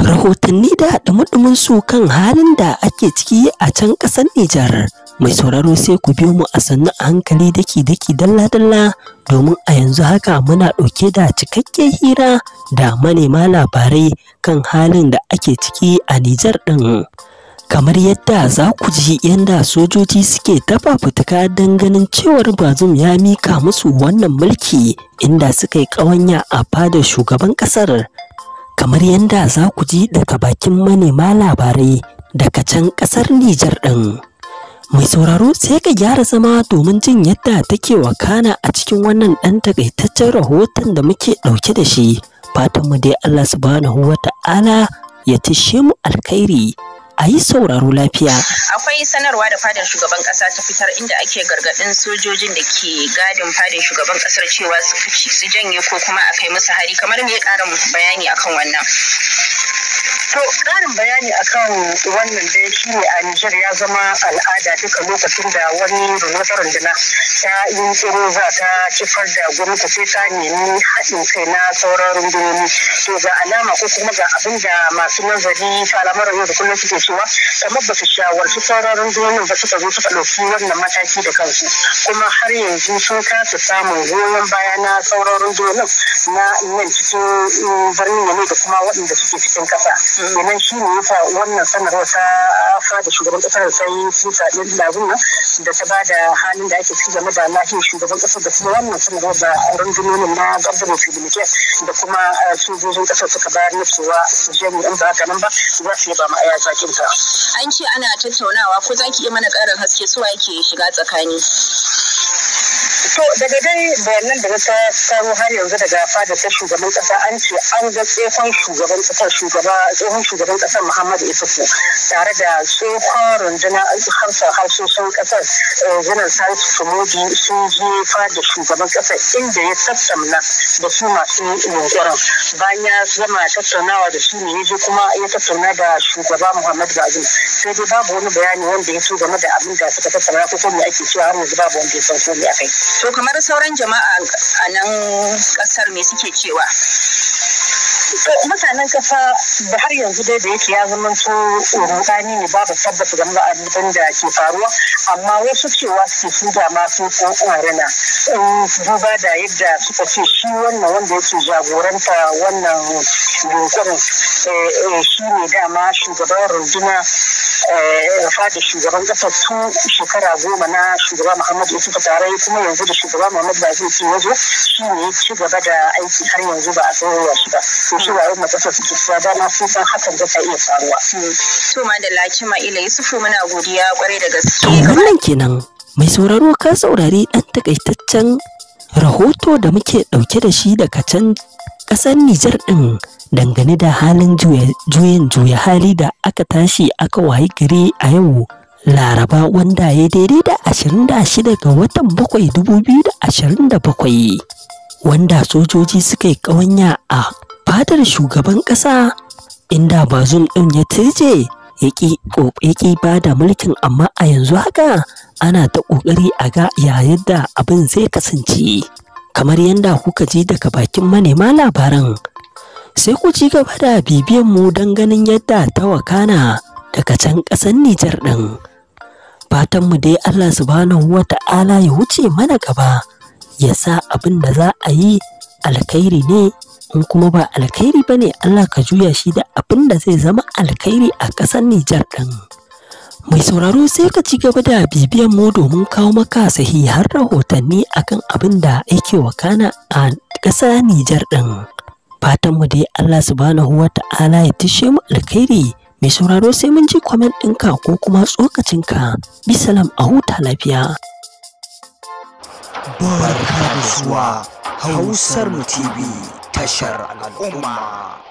rahotanni da dumudumin su kan halin da ake ciki a can ƙasar Nijar. Mai sauraro sai ku biyo mu a sannu a hankali daki daki dalla dalla domin a yanzu haka muna ɗauke da cikakken hira da manema labarai kan halin da ake ciki a Nijar ɗin. kamar yadda za ku ji yadda sojoji suke tafa fituka don ganin cewar bazum ya mika musu wannan mulki inda suka yi ƙawanya a fadar shugaban ƙasar kamar yadda za ku ji daga bakin manema labarai daga can ƙasar Nijar ɗin. Mai sauraro sai ka gyara zama domin jin yadda take wakana a cikin wannan ɗan takaitaccen rahoton da muke ɗauke da shi. Fatanmu dai Allah subhanahu wa ta'ala ya tishe mu alkhairi. a yi sauraro lafiya. Akwai sanarwa da fadar shugaban kasa ta fitar inda ake gargadin sojojin da ke gadin fadar shugaban kasar cewa su fice su janye ko kuma a kai musu hari kamar me ya ƙara bayani akan wannan. To ƙarin bayani akan wannan dai shi ne a Nijar ya zama al'ada duka lokacin da wani rundunar runduna ta yi tsoro za ta cifar da gwamnati sai ta nemi haɗin kai na sauran rundunoni. To ga alama ko kuma ga abin da masu nazari al'amuran yau da kullum suke cewa kamar ba su shawarci sauran rundunonin ba suka zo suka ɗauki wannan mataki da kansu kuma har yanzu sun kasa samun goyon baya na sauran rundunonin na nan cikin mm, birnin ne da kuma waɗanda suke cikin ƙasa. domin shi ne yasa wannan sanarwa ta fada shugaban kasar sai sun sadi da nan da ta bada halin da ake ciki game da lafiyar shugaban kasar da kuma wannan sanarwa da rundunonin na gwamnatin filimikiya da kuma eh, sojojin kasar suka bayar na cewa su je mu ba haka nan ba za su yi ba aya zakin ta. An ce ana tattaunawa ko zaki ki iya mana ƙarin haske su wa yake shiga tsakani. to daga dai bayanan da na saro har yanzu daga fada ta shugaban kasa an ce an ga tsohon shugaban kasar shugaba tsohon shugaban kasa muhammadu isufu tare da tsohon rundunar harsar harsoshin kasar janar eh, salisu sumodi sun je fada shugaban kasa inda ya tattauna da su masu yunkurin bayan ya zama tattaunawa da su ne ya je kuma ya tattauna da shugaba muhammadu bazin sai dai babu wani bayani wanda ya so game da abin da suka tattauna ko kuma ake cewa har yanzu babu wanda ya san ko ne akai to to kamar sauran jama'a a nan kasar me suke cewa mutanen kasa da har yanzu dai da yake ya zama su rudani ne babu tabbata game da abin da ke faruwa amma wasu cewa suke su ko masu duba da yadda suka ce shi wannan wanda yake jagoranta wannan yunkurin eh, eh, shi ne dama shugaban runduna eh, fada shugaban kasar tun shekara goma na shugaba muhammadu ya suka tare kuma yanzu da shugaba muhammadu ba zai ce shi ne ci gaba da aiki har yanzu ba a sanarwa shi ba ko cewa yau sun san hakan iya faruwa. To da Lakima Ila Yusufu muna godiya kwarai da gaske. To wannan kenan mai sauraro ka saurari ɗan takaitaccen rahoto da muke ɗauke da shi daga can kasar Nijar ɗin dangane da halin juyin juya hali da aka tashi aka wayi gari a yau Laraba wanda ya daidai da 26 ga watan 7 2027 wanda sojoji suka yi ƙawanya a fadar shugaban ƙasa inda bazum ɗin ya turje ya ƙi ba da mulkin amma a yanzu haka ana ta ƙoƙari a ga yayin da abin zai kasance kamar yadda kuka ji daga bakin manema labaran sai ku ci gaba da bibiyan mu don ganin yadda ta wakana daga can ƙasar Nijar ɗin fatan mu dai Allah subhanahu wa ta'ala ya wuce mana gaba ya sa abin da za a yi alkhairi ne in kuma ba alkhairi ba ne Allah ka juya shi da abin da zai zama alkhairi a ƙasar Nijar ɗin. Mai sauraro sai ka ci gaba da bibiyan mu domin kawo maka sahihar rahotanni akan abin da ake wakana a ƙasar Nijar ɗin. Fatan mu dai Allah subhanahu wa ta'ala ya tishe mu alkhairi. Mai sauraro sai mun ji kwamen ɗinka ko kuma tsokacinka. Bisalam a huta lafiya. Barka da zuwa Hausar TV. انتشر على الأمة